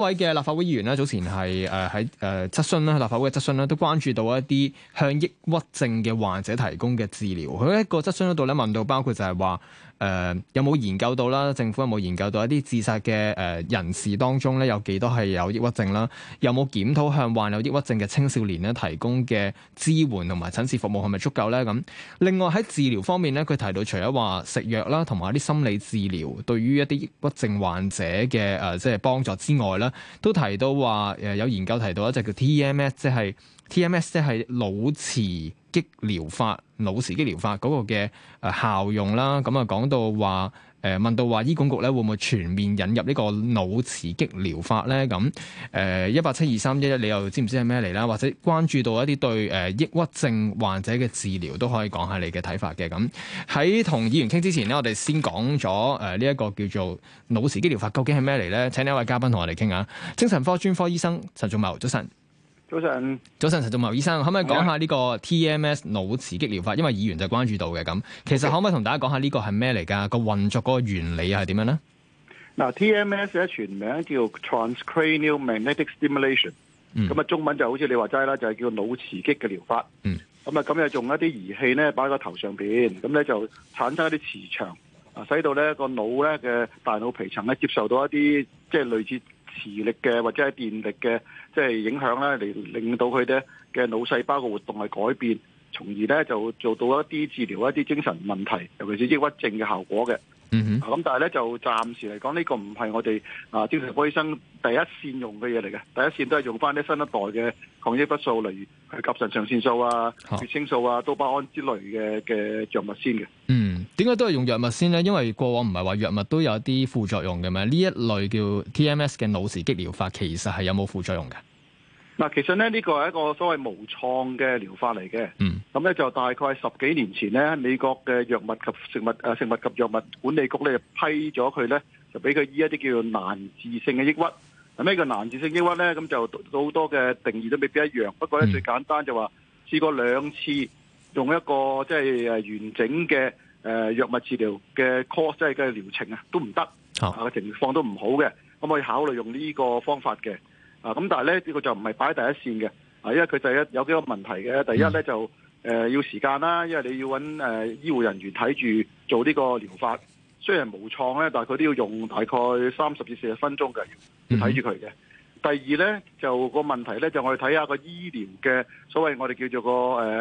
各位嘅立法會議員咧，早前係誒喺誒質詢咧，立法會嘅質詢咧，都關注到一啲向抑鬱症嘅患者提供嘅治療。佢喺一個質詢度咧，問到包括就係話。誒、嗯、有冇研究到啦？政府有冇研究到一啲自殺嘅誒人士當中咧，有幾多係有抑鬱症啦？有冇檢討向患有抑鬱症嘅青少年咧提供嘅支援同埋診治服務係咪足夠咧？咁另外喺治療方面咧，佢提到除咗話食藥啦，同埋一啲心理治療對於一啲抑鬱症患者嘅誒即係幫助之外咧，都提到話誒、呃、有研究提到一隻叫 TMS，即係。TMS 即係腦磁激療法，腦磁激療法嗰個嘅誒效用啦。咁啊，講到話誒問到話醫管局咧會唔會全面引入呢個腦磁激療法咧？咁誒一八七二三一一，呃、172, 3, 1，你又知唔知係咩嚟啦？或者關注到一啲對誒抑鬱症患者嘅治療都可以講下你嘅睇法嘅。咁喺同議員傾之前咧，我哋先講咗誒呢一個叫做腦磁激療法究竟係咩嚟咧？請另一位嘉賓同我哋傾下。精神科專科醫生陳仲謀早晨。早晨，早晨，陳仲謀醫生，可唔可以講下呢個 TMS 腦刺激療法？因為議員就關注到嘅。咁，其實可唔可以同大家講下呢個係咩嚟噶？個運作嗰個原理係點樣咧？嗱，TMS 嘅全名叫 Transcranial Magnetic Stimulation，咁、嗯、啊中文就好似你話齋啦，就係叫腦刺激嘅療法。咁啊咁啊，就用一啲儀器咧，擺喺個頭上邊，咁咧就產生一啲磁場啊，使到咧個腦咧嘅大腦皮層咧接受到一啲即係類似。磁力嘅，或者係電力嘅，即係影響咧，嚟，令到佢哋嘅腦細胞嘅活動係改變，從而咧就做到一啲治療一啲精神問題，尤其是抑鬱症嘅效果嘅。嗯哼，咁但係咧就暫時嚟講呢個唔係我哋啊精神科醫生第一線用嘅嘢嚟嘅，第一線都係用翻啲新一代嘅抗抑鬱素，例如係腎上腺素啊、血清素啊、多巴胺之類嘅嘅藥物先嘅。嗯，點解都係用藥物先咧？因為過往唔係話藥物都有啲副作用嘅咩？呢一類叫 TMS 嘅腦磁激療法，其實係有冇副作用嘅？嗱，其實咧呢個係一個所謂無創嘅療法嚟嘅，咁、嗯、咧就大概十幾年前咧，美國嘅藥物及食物誒、啊、食物及藥物管理局咧就批咗佢咧，就俾佢醫一啲叫做難治性嘅抑鬱。咁呢個難治性抑鬱咧，咁就好多嘅定義都未必一樣，不過咧、嗯、最簡單就話試過兩次用一個即係誒完整嘅誒、呃、藥物治療嘅 course，即係嘅療程都唔得，個情況都唔好嘅，咁可唔可以考慮用呢個方法嘅？啊，咁但係咧呢、呢個就唔係擺第一線嘅，啊，因為佢第一有幾個問題嘅。第一咧、嗯、就誒、呃、要時間啦，因為你要搵誒、呃、醫護人員睇住做呢個療法，雖然無創咧，但係佢都要用大概三十至四十分鐘嘅，要睇住佢嘅。第二咧就個問題咧就我哋睇下個醫療嘅所謂我哋叫做個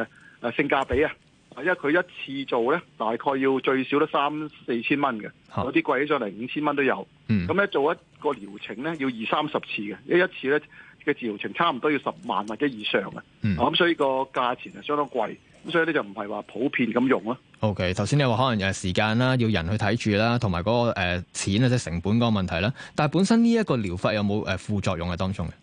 誒、呃、性價比啊。因為佢一次做咧，大概要最少都三四千蚊嘅、啊，有啲貴起上嚟五千蚊都有。咁、嗯、咧做一個療程咧，要二三十次嘅，一一次咧嘅療程差唔多要十萬或者以上嘅。咁、嗯、所以個價錢係相當貴，咁所以咧就唔係話普遍咁用咯。O K，頭先你話可能又係時間啦，要人去睇住啦，同埋嗰個誒、呃、錢啊，即係成本嗰個問題啦。但係本身呢一個療法有冇誒、呃、副作用喺當中咧？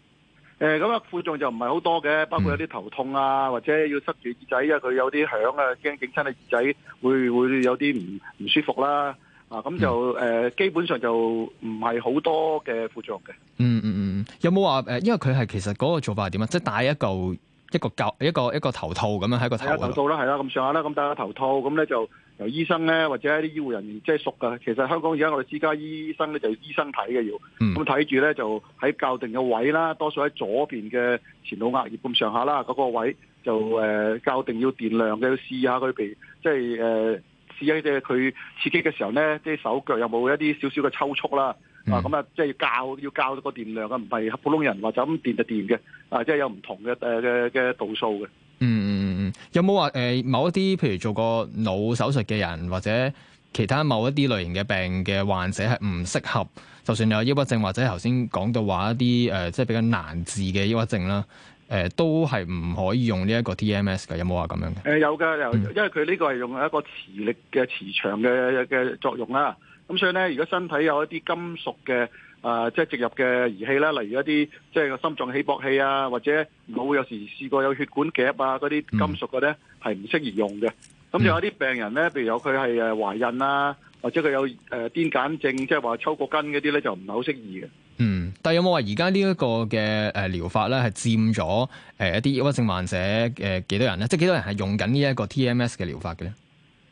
誒、嗯，咁、嗯、啊，副作用就唔係好多嘅，包、嗯、括有啲頭痛啊，或者要塞住耳仔，因為佢有啲響啊，驚警親嘅耳仔會會有啲唔唔舒服啦。啊，咁就誒，基本上就唔係好多嘅副作用嘅。嗯嗯嗯，有冇話誒？因為佢係其實嗰個做法係點啊？即、就、係、是、戴一嚿一個舊一個，一個，一，個，一，個一個頭套咁樣喺個頭套啦，係啦，咁上下啦，咁戴個頭套，咁、嗯、咧、嗯嗯、就是。由醫生咧，或者一啲醫護人員即係熟噶。其實香港而家我哋私家醫生咧，就醫生睇嘅要。咁睇住咧，就喺較定嘅位啦，多數喺左邊嘅前腦額葉咁上下啦，嗰、那個位就誒、嗯呃、較定要電量嘅，要試下佢譬如即係誒、呃、試下即係佢刺激嘅時候咧，即係手腳有冇一啲少少嘅抽搐啦。啊咁啊、嗯呃，即係要較要較到個電量啊，唔係普通人或者咁電就電嘅。啊，即係有唔同嘅誒嘅嘅度數嘅。嗯。嗯、有冇話誒某一啲譬如做過腦手術嘅人或者其他某一啲類型嘅病嘅患者係唔適合，就算有抑鬱症或者頭先講到話一啲誒、呃、即係比較難治嘅抑鬱症啦，誒、呃、都係唔可以用呢一個 TMS 嘅？有冇話咁樣嘅？誒、呃、有噶，有，因為佢呢個係用一個磁力嘅磁場嘅嘅作用啦，咁所以咧，如果身體有一啲金屬嘅。啊，即係植入嘅儀器啦，例如一啲即係個心臟起搏器啊，或者我會有，有時試過有血管夾啊嗰啲金屬嘅咧，係、嗯、唔適宜用嘅。咁仲有啲病人咧，譬如有佢係誒懷孕啊，或者佢有誒、呃、癲癇症，即係話抽過筋嗰啲咧，就唔係好適宜嘅。嗯，但有冇話而家呢一個嘅誒療法咧，係佔咗誒一啲抑鬱症患者誒幾多人咧？即係幾多人係用緊呢一個 TMS 嘅療法嘅咧？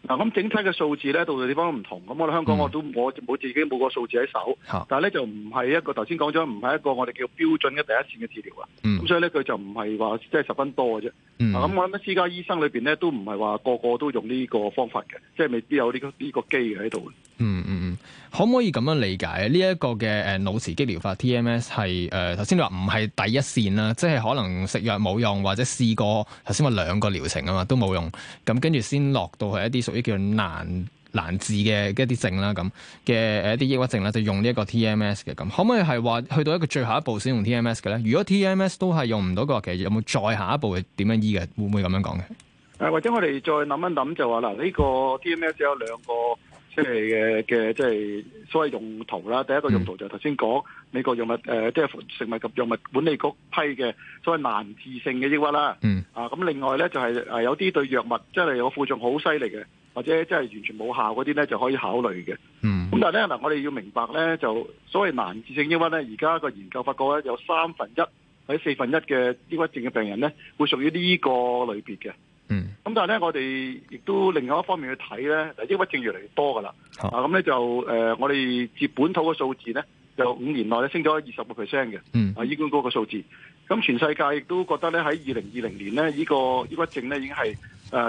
嗱，咁整體嘅數字咧，到處地方都唔同。咁我哋香港我都我冇自己冇個數字喺手，嗯、但係咧就唔係一個頭先講咗，唔係一個我哋叫標準嘅第一線嘅治療啦。咁、嗯、所以咧佢就唔係話即係十分多嘅啫。咁、嗯、我諗私家醫生裏邊咧都唔係話個個都用呢個方法嘅，即係未必有呢、這個呢、這個機嘅喺度。嗯嗯嗯，可唔可以咁樣理解呢一、這個嘅誒腦磁激療法 TMS 係誒頭先你話唔係第一線啦，即、就、係、是、可能食藥冇用或者試過頭先話兩個療程啊嘛都冇用，咁跟住先落到係一啲屬。啲叫難難治嘅一啲症啦，咁嘅誒一啲抑鬱症啦，就用呢一個 TMS 嘅，咁，可唔可以係話去到一個最後一步先用 TMS 嘅咧？如果 TMS 都係用唔到個，其實有冇再下一步係點樣醫嘅？會唔會咁樣講嘅？誒、啊，或者我哋再諗一諗就話嗱，呢、這個 TMS 只有兩個即係嘅嘅，即係、就是、所謂用途啦。第一個用途就頭先講美國藥物誒，即、呃、係食物及藥物管理局批嘅所謂難治性嘅抑鬱啦。嗯、啊，咁另外咧就係、是、誒有啲對藥物即係有副作用好犀利嘅。或者即係完全冇效嗰啲咧，就可以考慮嘅。嗯，咁但係咧嗱，我哋要明白咧，就所謂難治性抑鬱咧，而家個研究發覺咧，有三分一或者四分一嘅抑鬱症嘅病人咧，會屬於呢個類別嘅。嗯，咁但係咧，我哋亦都另外一方面去睇咧，嗱，抑鬱症越嚟越多㗎啦。哦、啊，咁咧就、呃、我哋接本土嘅數字咧，就五年內咧升咗二十個 percent 嘅。嗯，啊醫管局個數字，咁全世界亦都覺得咧喺二零二零年咧，呢個抑鬱症咧已經係。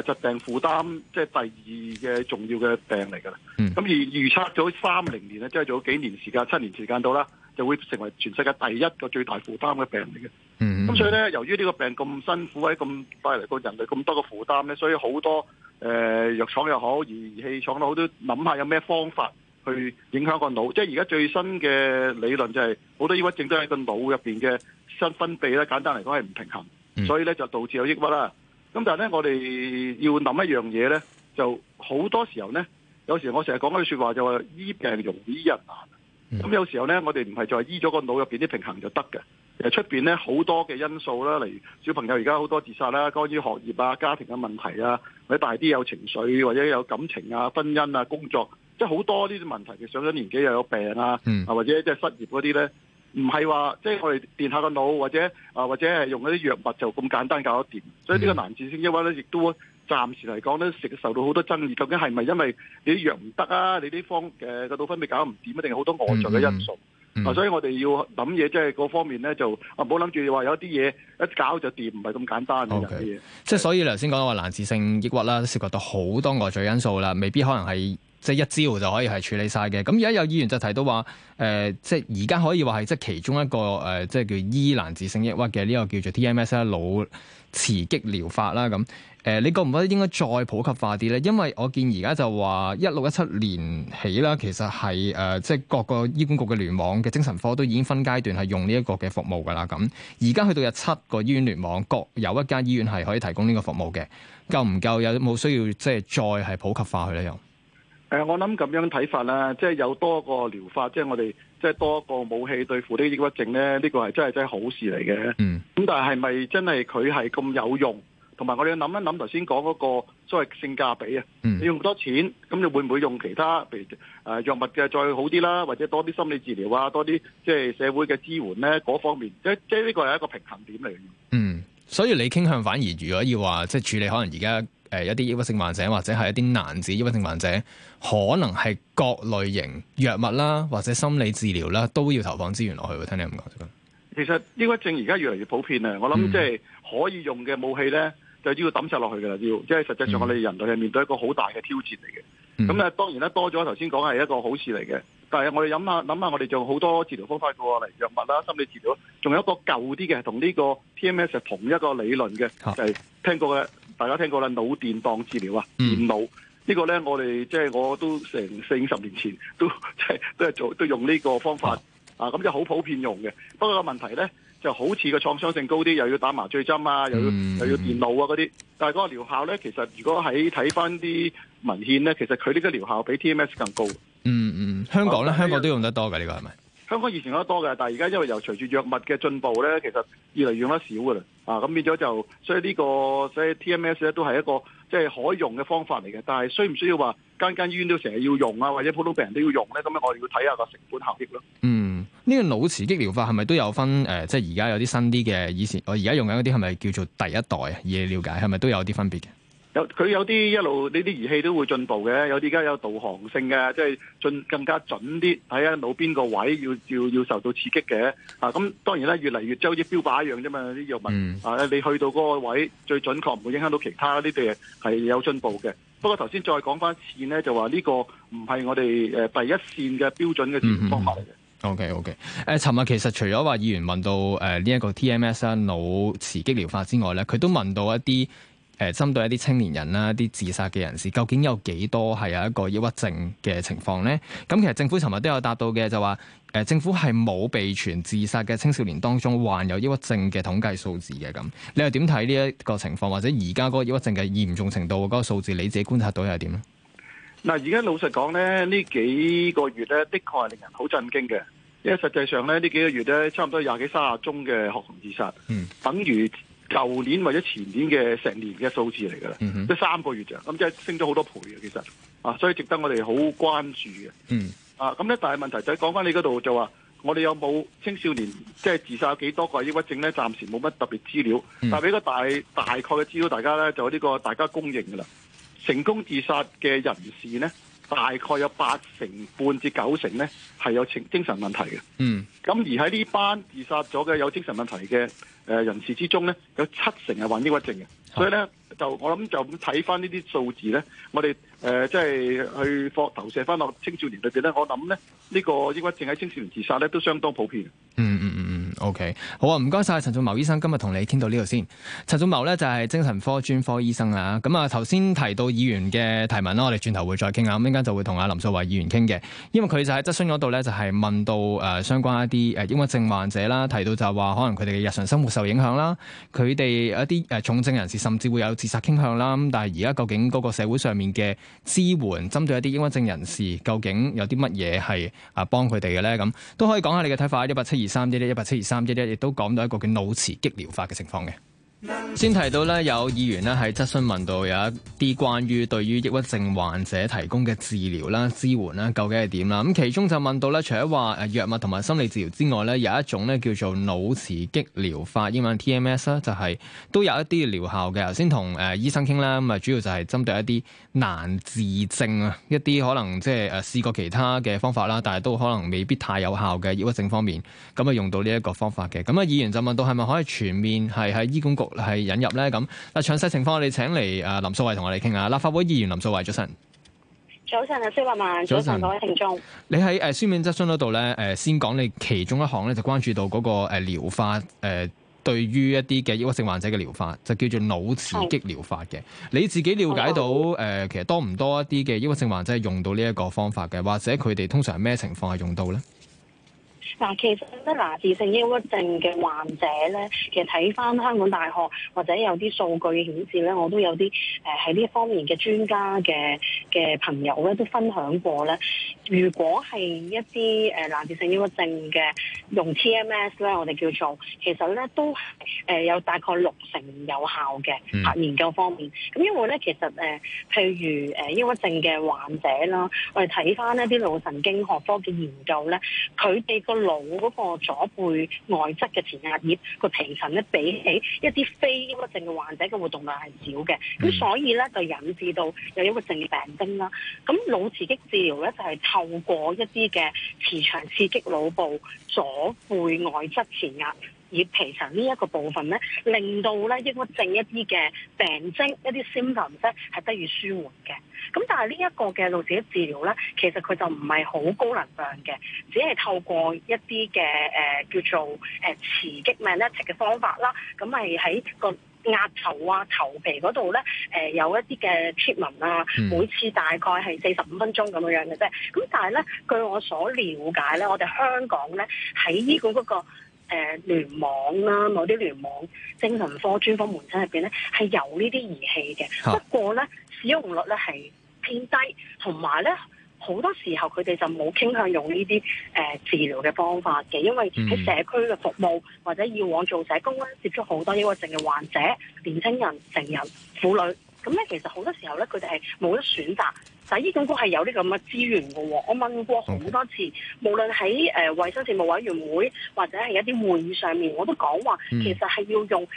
誒疾病負擔即係第二嘅重要嘅病嚟㗎啦，咁、嗯、而預測咗三零年咧，即係仲有幾年時間、七年時間到啦，就會成為全世界第一個最大負擔嘅病嚟嘅。咁、嗯、所以咧，由於呢個病咁辛苦，喺咁帶嚟個人類咁多嘅負擔咧，所以好多誒藥、呃、廠又好，儀器廠好都好都諗下有咩方法去影響個腦。即係而家最新嘅理論就係、是、好多抑鬱症都喺個腦入面嘅新分泌咧，簡單嚟講係唔平衡，嗯、所以咧就導致有抑鬱啦。咁但係咧，我哋要諗一樣嘢咧，就好多時候咧，有時我成日講句説話就話醫病容易醫人難。咁有時候咧，我哋唔係就係醫咗個腦入面啲平衡就得嘅。其實出面咧好多嘅因素啦，例如小朋友而家好多自殺啦，關於學業啊、家庭嘅問題啊，或者大啲有情緒或者有感情啊、婚姻啊、工作，即係好多呢啲問題。其實上咗年紀又有病啊，啊或者即係失業嗰啲咧。唔係話即係我哋電下個腦，或者啊或者係用嗰啲藥物就咁簡單搞得掂，所以呢個難治性抑鬱咧，亦都暫時嚟講咧，食受到好多爭議。究竟係咪因為你啲藥唔得啊？你呢方嘅個腦分泌搞唔掂，一定係好多外在嘅因素、嗯嗯？所以我哋要諗嘢，即係嗰方面咧，就啊冇諗住話有啲嘢一搞就掂，唔係咁簡單嘅嘢。即、okay, 係所以，頭先講話難治性抑鬱啦，涉及到好多外在因素啦，未必可能係。即係一招就可以係處理晒嘅。咁而家有議員就提到話，誒、呃，即係而家可以話係即係其中一個誒、呃，即係叫難治性抑鬱嘅呢、這個叫做 TMS 啦、啊，腦磁激療法啦。咁誒、呃，你覺唔覺得應該再普及化啲咧？因為我見而家就話一六一七年起啦，其實係誒、呃，即係各個醫管局嘅聯網嘅精神科都已經分階段係用呢一個嘅服務㗎啦。咁而家去到有七個醫院聯網，各有一間醫院係可以提供呢個服務嘅，夠唔夠？有冇需要即係再係普及化佢咧？又？誒，我諗咁樣睇法啦，即係有多個療法，即係我哋即係多個武器對付啲抑鬱症咧，呢個係真係真係好事嚟嘅。嗯，咁但係係咪真係佢係咁有用？同埋我哋要諗一諗頭先講嗰個所謂性價比啊、嗯，你用多錢，咁你會唔會用其他，譬如誒藥物嘅再好啲啦，或者多啲心理治療啊，多啲即係社會嘅支援咧，嗰方面，即即係呢個係一個平衡點嚟嘅。嗯，所以你傾向反而如果要話，即係處理可能而家。誒、呃，一啲抑鬱症患者或者係一啲男子抑鬱症患者，可能係各類型藥物啦，或者心理治療啦，都要投放資源落去。聽你咁講，其實抑鬱症而家越嚟越普遍啊！嗯、我諗即係可以用嘅武器咧，就要抌晒落去噶啦，要即係實際上我哋人類係面對一個好大嘅挑戰嚟嘅。咁啊，當然啦，多咗頭先講係一個好事嚟嘅，但係我哋諗下諗下，我哋仲好多治療方法過嚟，藥物啦、心理治療，仲有一個舊啲嘅，同呢個 TMS 係同一個理論嘅，係、啊、聽過嘅。大家聽過啦，腦電當治療啊，電腦呢、嗯呢個呢，我哋即係我都成四五十年前都即係都係做都用呢個方法、哦、啊，咁就好普遍用嘅。不過個問題呢，就好似個創傷性高啲，又要打麻醉針啊，又要、嗯、又要電腦啊嗰啲。但係嗰個療效呢，其實如果喺睇翻啲文獻呢，其實佢呢個療效比 TMS 更高。嗯嗯，香港呢，啊、香港都用得多嘅呢個係咪？香港以前用得多嘅，但係而家因為由隨住藥物嘅進步咧，其實越嚟越用得少噶啦啊，咁變咗就所以、這個就是、TMS 呢個即係 T M S 咧都係一個即係、就是、可用嘅方法嚟嘅，但係需唔需要話間間醫院都成日要用啊，或者普通病人都要用咧？咁樣我哋要睇下個成本效益咯。嗯，呢、這個腦磁激療法係咪都有分誒、呃？即係而家有啲新啲嘅，以前我而家用緊嗰啲係咪叫做第一代？以你了解係咪都有啲分別嘅？它有佢有啲一路呢啲儀器都會進步嘅，有啲而家有導航性嘅，即係進更加準啲，睇下腦邊個位要要要受到刺激嘅。啊，咁當然咧，越嚟越即係好似標靶一樣啫嘛啲藥物、嗯。啊，你去到嗰個位最準確，唔會影響到其他呢啲嘢，係有進步嘅。不過頭先再講翻一次呢，就話呢個唔係我哋誒、呃、第一線嘅標準嘅治療方法嚟嘅。O K O K。誒、嗯，尋、okay，日、okay。呃、其實除咗話議員問到誒呢一個 T M S 啊腦磁激療法之外咧，佢都問到一啲。誒，針對一啲青年人啦，啲自殺嘅人士，究竟有幾多係有一個抑鬱症嘅情況呢？咁其實政府尋日都有答到嘅，就話，誒，政府係冇備存自殺嘅青少年當中患有抑鬱症嘅統計數字嘅。咁你又點睇呢一個情況？或者而家嗰個抑鬱症嘅嚴重程度嗰個數字，你自己觀察到又係點咧？嗱，而家老實講咧，呢幾個月呢，的確係令人好震驚嘅，因為實際上咧，呢幾個月呢，差唔多廿幾三十宗嘅學童自殺，嗯，等於。舊年或者前年嘅成年嘅數字嚟噶啦，mm-hmm. 即係三個月咋，咁即係升咗好多倍啊！其實啊，所以值得我哋好關注嘅。嗯、mm-hmm. 啊，咁咧，但係問題就講、是、翻你嗰度就話，我哋有冇青少年即係、就是、自殺有幾多個抑鬱症咧？暫時冇乜特別資料，mm-hmm. 但係俾個大大概嘅資料大家咧，就呢個大家公認噶啦。成功自殺嘅人士咧。大概有八成半至九成咧係有精神問題嘅，嗯，咁而喺呢班自殺咗嘅有精神問題嘅誒人士之中咧，有七成係患抑鬱症嘅，嗯，所以咧就我諗就咁睇翻呢啲數字咧，我哋誒即係去放投射翻落青少年裏邊咧，我諗咧呢，呢個抑鬱症喺青少年自殺咧都相當普遍嘅，嗯嗯嗯。O.K. 好啊，唔該晒。陳仲謀醫生，今日同你傾到呢度先。陳仲謀咧就係、是、精神科專科醫生啦。咁啊，頭先提到議員嘅提問啦，我哋轉頭會再傾啊。咁陣間就會同阿林素蔚議員傾嘅，因為佢就喺質詢嗰度咧，就係問到相關一啲誒抑鬱症患者啦，提到就話話可能佢哋嘅日常生活受影響啦，佢哋一啲重症人士甚至會有自殺傾向啦。咁但係而家究竟嗰個社會上面嘅支援，針對一啲抑鬱症人士，究竟有啲乜嘢係啊幫佢哋嘅咧？咁都可以講下你嘅睇法。一八七二三一一八七二。三一一，亦都講到一個叫腦磁激療法嘅情況嘅。先提到咧，有議員咧喺質詢問到有一啲關於對於抑鬱症患者提供嘅治療啦、支援啦，究竟係點啦？咁其中就問到咧，除咗話誒藥物同埋心理治療之外咧，有一種咧叫做腦磁激療法（英文 TMS） 咧，就係都有一啲療效嘅。頭先同誒醫生傾啦，咁啊主要就係針對一啲難治症啊，一啲可能即係誒試過其他嘅方法啦，但係都可能未必太有效嘅抑鬱症方面，咁啊用到呢一個方法嘅。咁啊議員就問到，係咪可以全面係喺醫管局？係引入咧，咁，嗱詳細情況我哋請嚟誒、啊、林素蔚同我哋傾下。立法會議員林素蔚早晨。早晨啊，肖立曼，早晨各位聽眾。你喺誒書面質詢嗰度咧，誒先講你其中一項咧，就關注到嗰個誒療法，誒、呃、對於一啲嘅抑鬱症患者嘅療法，就叫做腦刺激療法嘅。你自己了解到誒，其實、呃、多唔多一啲嘅抑鬱症患者係用，用到呢一個方法嘅，或者佢哋通常係咩情況係用到咧？嗱，其實咧，嗱，自性抑鬱症嘅患者咧，其實睇翻香港大學或者有啲數據嘅顯示咧，我都有啲誒喺呢方面嘅專家嘅嘅朋友咧，都分享過咧。如果係一啲誒難治性抑鬱症嘅用 TMS 咧，我哋叫做其實咧都係有大概六成有效嘅。Mm. 研究方面，咁因為咧其實、呃、譬如誒抑鬱症嘅患者啦，我哋睇翻一啲腦神經學科嘅研究咧，佢哋個腦嗰個左背外側嘅前額葉個皮層咧，比起一啲非抑鬱症嘅患者嘅活動量係少嘅。咁、mm. 所以咧就引致到有抑鬱症嘅病徵啦。咁腦刺激治療咧就係、是。透過一啲嘅磁場刺激腦部左背外側前額葉皮層呢一個部分咧，令到咧抑鬱症一啲嘅病徵一啲 symptoms 咧係得以舒緩嘅。咁但係呢一個嘅腦神經治療咧，其實佢就唔係好高能量嘅，只係透過一啲嘅誒叫做誒磁激 magnetic 嘅方法啦。咁係喺個。額頭啊頭皮嗰度咧，誒有一啲嘅脫紋啊，每次大概係四十五分鐘咁樣樣嘅啫。咁但係咧，據我所了解咧，我哋香港咧喺醫管嗰個聯、那個呃、聯網啦、啊，某啲聯網精神科專科門診入邊咧，係有呢啲儀器嘅，不過咧使用率咧係偏低，同埋咧，好多時候佢哋就冇傾向用呢啲誒治療嘅方法嘅，因為喺社區嘅服務或者以往做社工咧，接觸好多抑鬱症嘅患者、年輕人、成人、婦女，咁咧其實好多時候咧佢哋係冇得選擇。但呢種都係有呢個咁嘅資源嘅喎，我問過好多次，okay. 無論喺誒衞生事務委員會或者係一啲會議上面，我都講話其實係要用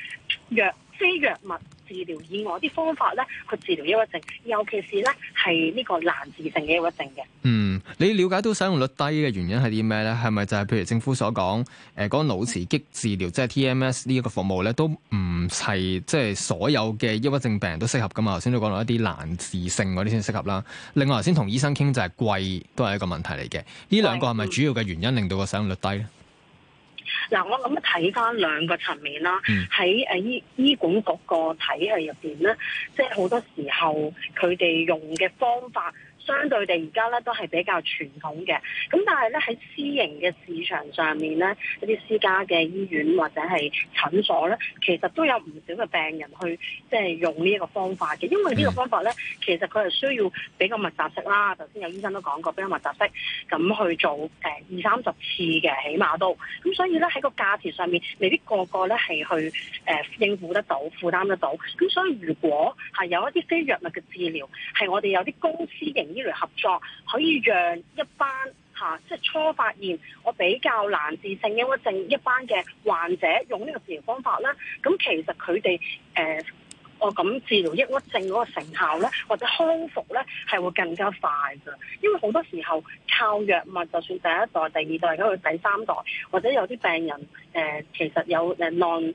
藥非藥物。治療以外啲方法咧，去治療抑鬱症，尤其是咧係呢個難治性嘅抑鬱症嘅。嗯，你了解到使用率低嘅原因係啲咩咧？係咪就係譬如政府所講，誒、呃、嗰、那個、腦磁激治療、嗯、即係 TMS 呢一個服務咧，都唔係即係所有嘅抑鬱症病人都適合噶嘛？頭先都講到一啲難治性嗰啲先適合啦。另外頭先同醫生傾就係貴都係一個問題嚟嘅。呢兩個係咪主要嘅原因令到個使用率低咧？嗱，我諗睇翻兩個層面啦，喺、嗯、誒醫醫管局個體系入邊呢，即係好多時候佢哋用嘅方法。相對地，而家咧都係比較傳統嘅，咁但係咧喺私營嘅市場上面咧，一啲私家嘅醫院或者係診所咧，其實都有唔少嘅病人去即係用呢一個方法嘅，因為呢個方法咧，其實佢係需要比較密集式啦。頭先有醫生都講過比較密集式，咁去做誒二三十次嘅，起碼都咁。所以咧喺個價錢上面，未必個個咧係去誒應付得到、負擔得到。咁所以如果係有一啲非藥物嘅治療，係我哋有啲公私營嚟合作，可以讓一班吓、啊、即係初發現我比較難治性抑鬱症一班嘅患者，用呢個治療方法咧，咁其實佢哋誒，我咁治療抑鬱症嗰個成效咧，或者康復咧，係會更加快噶。因為好多時候靠藥物，就算第一代、第二代，而家去第三代，或者有啲病人誒、呃，其實有誒耐。呃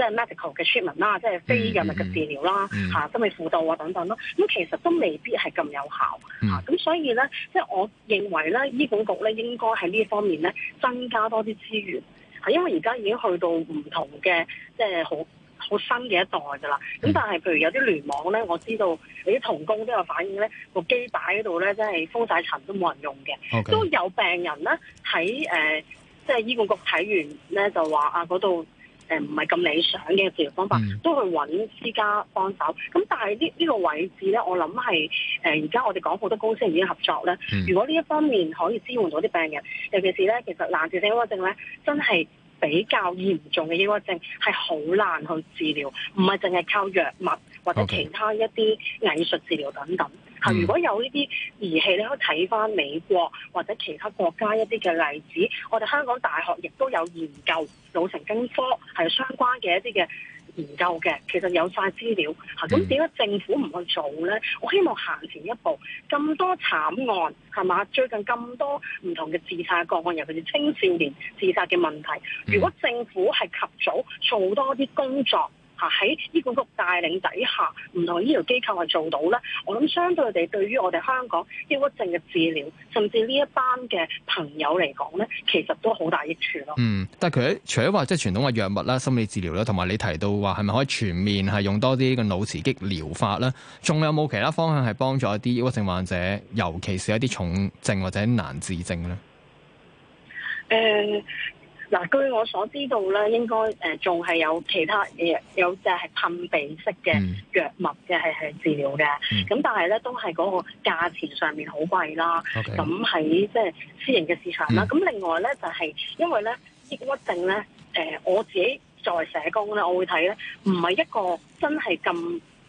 即係 medical 嘅 treatment 啦，即係非藥物嘅治療啦，嚇、嗯嗯啊、心理輔導啊等等咯，咁其實都未必係咁有效咁，嗯啊、所以咧，即係我認為咧，醫管局咧應該喺呢一方面咧增加多啲資源，係因為而家已經去到唔同嘅即係好好新嘅一代㗎啦。咁但係譬如有啲聯網咧，我知道你啲同工都有反映咧，個機擺喺度咧，即係封晒塵都冇人用嘅，okay. 都有病人咧喺誒即係醫管局睇完咧就話啊嗰度。誒唔係咁理想嘅治療方法，嗯、都去揾私家幫手。咁但係呢呢個位置咧，我諗係誒而家我哋講好多公司已經合作咧。嗯、如果呢一方面可以支援到啲病人，尤其是咧，其實難治性抑鬱症咧，真係比較嚴重嘅抑鬱症，係好難去治療，唔係淨係靠藥物或者其他一啲藝術治療等等。Okay. 嗯，如果有呢啲儀器你可以睇翻美國或者其他國家一啲嘅例子，我哋香港大學亦都有研究腦神經科係相關嘅一啲嘅研究嘅，其實有曬資料，咁點解政府唔去做咧？我希望行前一步，咁多慘案係嘛？最近咁多唔同嘅自殺個案，尤其是青少年自殺嘅問題，嗯，如果政府係及早做多啲工作。喺醫管局帶領底下，唔同醫療機構係做到咧，我諗相對地，對於我哋香港抑鬱症嘅治療，甚至呢一班嘅朋友嚟講咧，其實都好大益處咯。嗯，但係佢除咗話即係傳統嘅藥物啦、心理治療啦，同埋你提到話係咪可以全面係用多啲嘅腦磁激療法啦？仲有冇其他方向係幫助一啲抑鬱症患者，尤其是一啲重症或者難治症咧？誒、呃。嗱，據我所知道咧，應該誒仲係有其他誒有隻係噴鼻式嘅藥物嘅係係治療嘅，咁、嗯、但係咧都係嗰個價錢上面好貴啦。咁喺即係私營嘅市場啦。咁、嗯、另外咧就係、是、因為咧抑鬱症咧誒、呃，我自己作為社工咧，我會睇咧唔係一個真係咁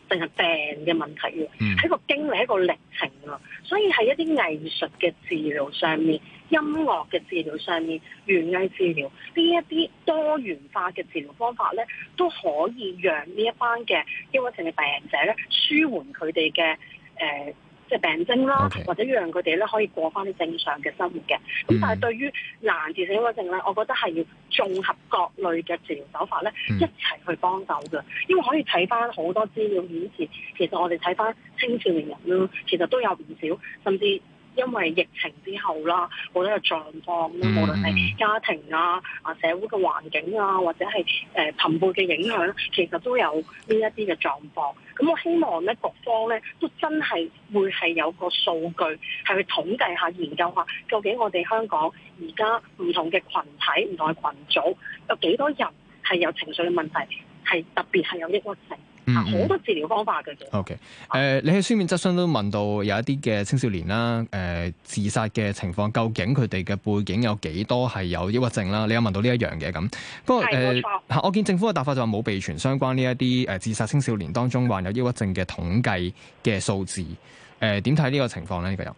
淨係病嘅問題嘅，嗯、係一個經歷一個歷程啊，所以喺一啲藝術嘅治療上面。音樂嘅治療上面、園藝治療呢一啲多元化嘅治療方法咧，都可以讓呢一班嘅抑鬱症嘅病者咧，舒緩佢哋嘅誒即係病徵啦，okay. 或者讓佢哋咧可以過翻啲正常嘅生活嘅。咁但係對於難治性抑鬱症咧，我覺得係要綜合各類嘅治療手法咧一齊去幫手嘅，因為可以睇翻好多資料顯示，其實我哋睇翻青少年人咯，其實都有唔少甚至。因為疫情之後啦，好多嘅狀況咧，無論係家庭啊、啊社會嘅環境啊，或者係誒貧富嘅影響，其實都有呢一啲嘅狀況。咁我希望咧，各方咧都真係會係有個數據，係去統計下、研究下，究竟我哋香港而家唔同嘅群體、唔同嘅群組有幾多人係有情緒嘅問題，係特別係有抑鬱症。好、啊、多治療方法嘅啫。O K，誒，你喺書面質詢都問到有一啲嘅青少年啦，誒、呃，自殺嘅情況，究竟佢哋嘅背景有幾多係有抑鬱症啦？你有問到呢一樣嘅咁。不過誒、呃，我見政府嘅答法就話冇備存相關呢一啲誒自殺青少年當中患有抑鬱症嘅統計嘅數字。誒、呃，點睇呢個情況咧？呢、這個又，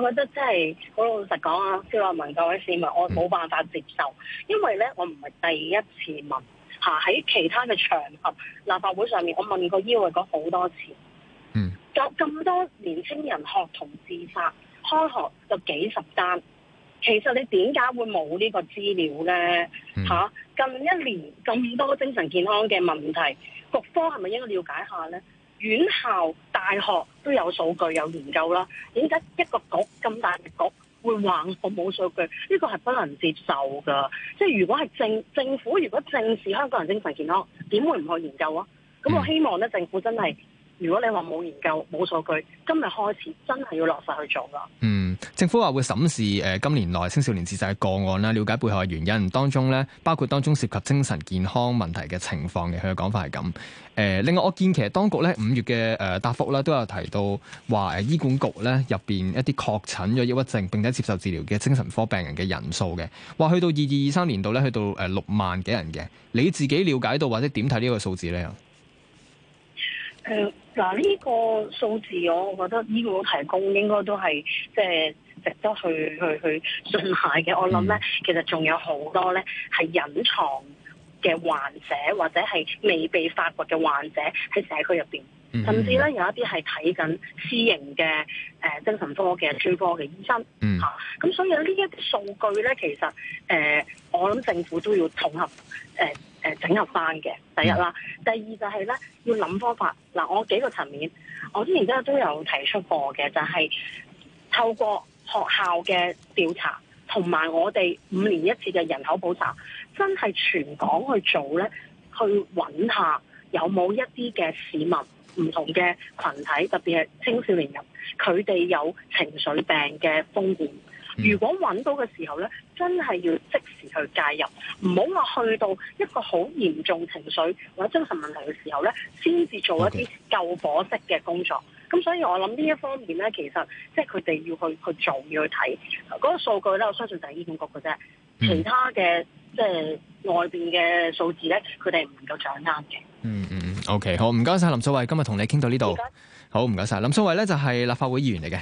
我覺得真係好老實講啊！市民各位市民，我冇辦法接受，因為咧，我唔係第一次問。喺、啊、其他嘅場合，立法會上面，我問過醫委講好多次，嗯，就咁多年輕人學童自殺，開學就幾十單，其實你點解會冇呢個資料咧？嚇、嗯啊，近一年咁多精神健康嘅問題，局方係咪應該了解下咧？院校大學都有數據有研究啦，點解一個局咁大嘅局？會話我冇數據，呢個係不能接受㗎。即係如果係政政府，如果正視香港人精神健康，點會唔去研究啊？咁我希望咧，政府真係。如果你話冇研究冇數據，今日開始真係要落實去做噶。嗯，政府話會審視誒、呃，今年內青少年自殺個案啦，了解背後嘅原因，當中呢包括當中涉及精神健康問題嘅情況嘅。佢嘅講法係咁。誒、呃，另外我見其實當局呢五月嘅誒、呃、答覆呢都有提到話誒、呃、醫管局呢入邊一啲確診咗抑鬱症並且接受治療嘅精神科病人嘅人數嘅，話去到二二二三年度呢去到誒、呃、六萬幾人嘅。你自己了解到或者點睇呢個數字呢？誒、呃。嗱，呢個數字我覺得呢個提供應該都係即係值得去去去信下嘅。我諗呢，其實仲有好多呢係隱藏嘅患者，或者係未被發掘嘅患者喺社區入邊。甚至咧有一啲係睇緊私營嘅誒、呃、精神科嘅專科嘅醫生咁、嗯啊、所以呢一啲數據咧，其實誒、呃、我諗政府都要統合誒、呃、整合翻嘅。第一啦，嗯、第二就係咧要諗方法。嗱，我幾個層面，我之前都有提出過嘅，就係、是、透過學校嘅調查同埋我哋五年一次嘅人口普查，真係全港去做咧，去揾下有冇一啲嘅市民。唔同嘅群體，特別係青少年人，佢哋有情緒病嘅風險。如果揾到嘅時候咧，真係要即時去介入，唔好話去到一個好嚴重情緒或者精神問題嘅時候咧，先至做一啲救火式嘅工作。咁、okay. 所以我諗呢一方面咧，其實即係佢哋要去去做，要去睇嗰、那個數據咧，我相信就係醫管局嘅啫。其他嘅、mm. 即係外邊嘅數字咧，佢哋唔夠掌握嘅。嗯嗯。O.K. 好，唔該晒林素蔚，今日同你傾到呢度。好，唔該晒林素蔚咧，就係立法會議員嚟嘅。